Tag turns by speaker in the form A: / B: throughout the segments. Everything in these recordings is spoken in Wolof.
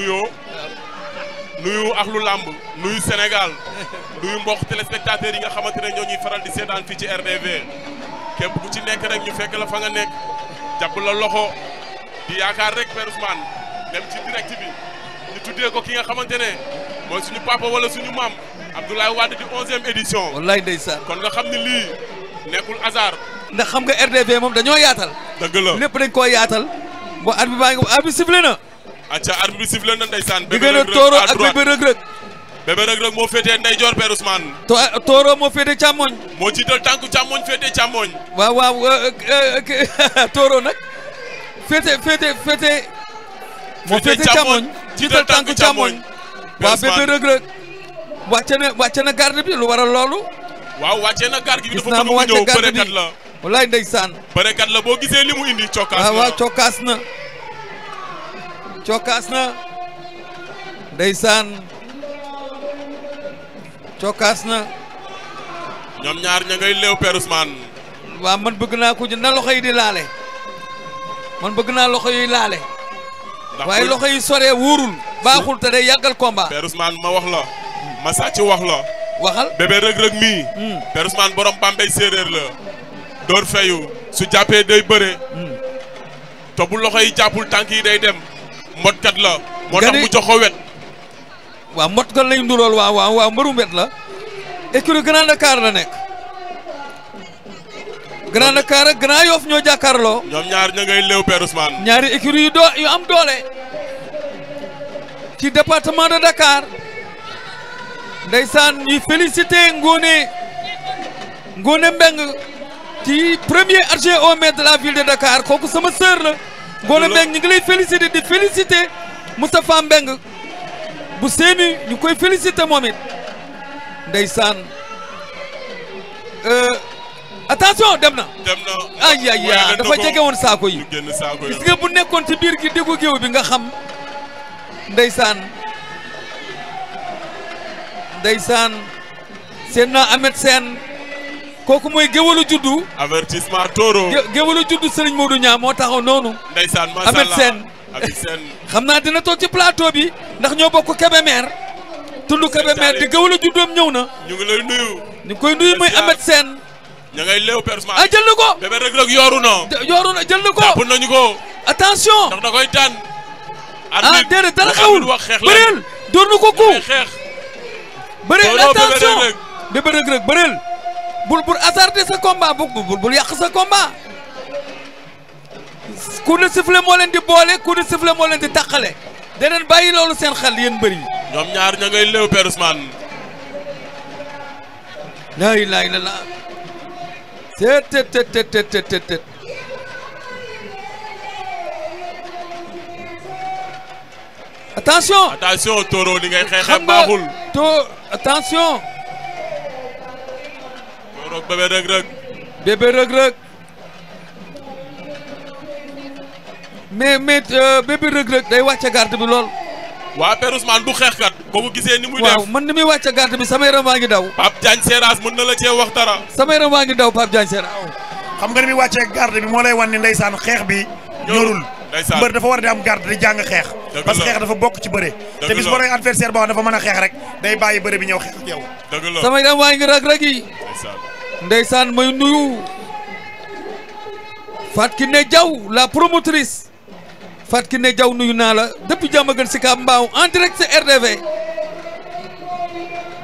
A: nuyoo nuyu axlu làmb nuyu Sénégal nuyu mbokk téléspectateurs yi nga xamante ne ñoo ñuy faral di seetaan fii ci RDV képp ku ci nekk rek ñu fekk la fa nga nekk jàpp la loxo di yaakaar rek Père Ousmane dem ci direct bi ñu tuddee ko ki nga xamante ne mooy suñu papa wala suñu maam Abdoulaye Wade di onzième
B: édition. wallaay ndeysaan kon nga xam ni lii nekkul hasard. ndax xam nga RDV moom dañoo yaatal. dëgg lépp dañ koo yaatal. boo at bi baa ngi at acca arbitre bi
A: sifflé na ndeysaan diggante Tooro ak Bébé Reug Reug Bébé moo féetee ndeyjoor Père Ousmane
B: eh, moo féetee càmmoñ moo jiital tànku càmmoñ féetee càmmoñ waaw waaw euh, euh, euh, Tooro nag féete féete féete moo féete càmmoñ jiital tànku càmmoñ waaw Bébé Reug Reug na wàcce garde bi lu waral loolu waaw wàcce na garde bi dafa bëgg mu ñëw bërekat la wallaay ndeysaan bërekat
A: la boo gisee mu indi cokkaas
B: ah, cokkaas na ndeysaan cokkaas na ñoom ñaar ña ngay léew Père Ousmane man bëgg naa ku na loxo yi di laale man bëgg naa loxo yi laale waaye loxo yi sore wóorul baaxul te day yàggal combat Père ma wax la ma sàcc wax la waxal
A: bébé rëg-rëg mii hmm. Père borom Bambey séeréer la door feyu su jàppee day bëre hmm. te bu loxo yi jàppul tànk yi day dem mbotkat la.
B: moo tax mu jox ko wet. waaw mbotkat lañu ndurool waaw waaw waaw mbërum wet la. écurie Grand Dakar la nekk. Grand Dakar ak Grand Yoff ñoo jàkkaarloo. ñoom ñaar ña ngay léew Père Ousmane. ñaari écurie yu doo yu am doole. ci département de Dakar. ndeysaan ñuy félicité Ngone Ngone Mbeng ci premier adjoint au e de la ville de Dakar kooku sama sœur la. Ngoné Mbengue ñu ngi lay félicité di félicité Moustapha bu seeni ñu koy félicité moom it ndeysaan euh, attention dem na. dem na ay ay jege woon
A: saako yi gis nga
B: bu nekkoon ci biir gi diggu géew bi nga xam ndeysaan ndeysaan seen na Ahmed Sène kooku mooy géwalu juddu. avertissement Toro. géwalu juddu Serigne Modou Niang noonu. ndeysaan macha allah xam naa dina toog ci plateau bi ndax ñoo bokk Kébémer. tund Kébémer di géwalu juddoom ñëw na. ñu ngi lay nuyu. ñu koy nuyu muy Ahmed seen a ngay léew personnel. Ah, jël ko. bébé rek yooru na. yooru na jël ko. nañu ko. attention a da koy tànn. ah déedéet xewul bëreel door na ko ku. bëreel attention bébé rek rek bëreel bul bul hasarder sa combat bul bul bul yàq sa combat coup de sifflet moo leen di boole coup de sifflet moo leen di tàqale deneen bàyyi loolu seen xel yéen mbër yi ñoom ñaar ña ngay léew Père Ousmane laa ilaaha illallaah tët tët tët tët tët
A: attention attention Toro li ngay xeexee baaxul
B: to attention bébé rëg rëg bébé rëg rëg mais mais euh, bébé rëg rëg day wàcce garde bi lool waa Père Ousmane du xeexkat boo ko gisee ni muy def waaw man ni muy wàcce garde bi sama yaram waa ngi daw Pape Diagne Seras mën na la cee wax dara sama yaram waa ngi daw Pape Diagne Seras xam nga ni muy wàccee garde bi moo lay wan ni ndeysaan xeex bi ñorul mbër dafa war a di am garde di jàng xeex parce que xeex dafa bokk ci bëre te bis boo rek adversaire boo dafa mën a xeex rek day bàyyi bëre bi ñëw xeex sama yaram waa ngi rag rag ndeysaan may nuyu ki Kiné Diaw la promotrice Fatou Kiné Diaw nuyu naa la depuis Diamaguène Sicap Mbao en direct sur RDV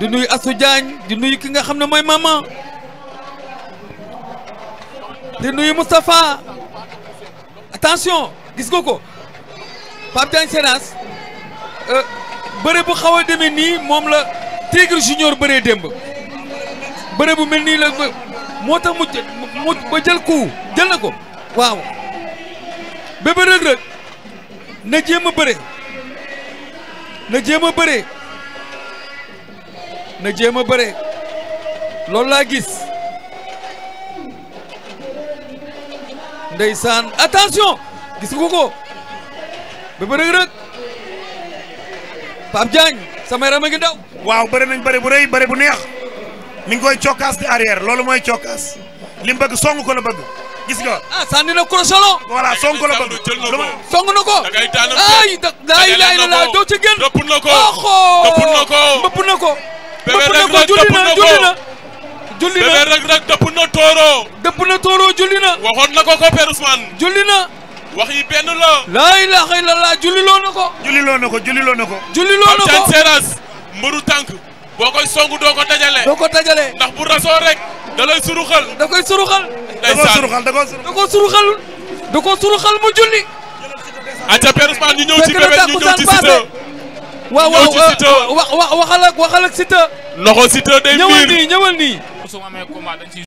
B: di nuyu Assou Diagne di nuyu ki nga xam ne mooy maman di nuyu Moustapha attention gis nga ko Pape Diagne Seras euh, bëre bu xaw a nii moom la Tigre Junior bëree démb. bëre bu mel nii la moo tax mu ba jël ko jël na ko waaw Bébé Reug Reug na jéem a bëre na jéem a bëre na jéem a bëre loolu laa gis ndeysaan attention gis nga ko Bébé Reug Reug Pape Diagne sama yaram a ngi daw waaw bëre nañ bëre bu rëy bëre bu neex mi ngi koy cokkaas di arrière loolu mooy cokkaas li mu bëgg song ko la bëgg gis nga. ah sànni na ko solo. voilà song ko la bëgg song na ko. da ay da daay la laa ci génn. dëpp na ko dëpp na ko dëpp na ko. dëpp na julli na julli na. julli na bébé rek rek dëpp na tooro. dëpp na tooro julli na. waxoon na ko ko Père na. wax la. laa julli loo na ko. julli loo na ko julli loo na ko.
A: julli loo na ko am caan seeraas mbëru tànk. boo koy songu doo ko dajale. doo ko
B: dajale. ndax bu rasoo rek. da lay suruxal. da koy suruxal. da koy suruxal da koy suruxal. da ko suruxal mu julli. aca Père Ousmane ñu ñëw ci bébé ñu ñëw ci Siteu. waaw waaw wa waxal ak waxal ak Siteu. loxo Siteu day miir ñëwal ni ñëwal nii.
A: su ma amee combat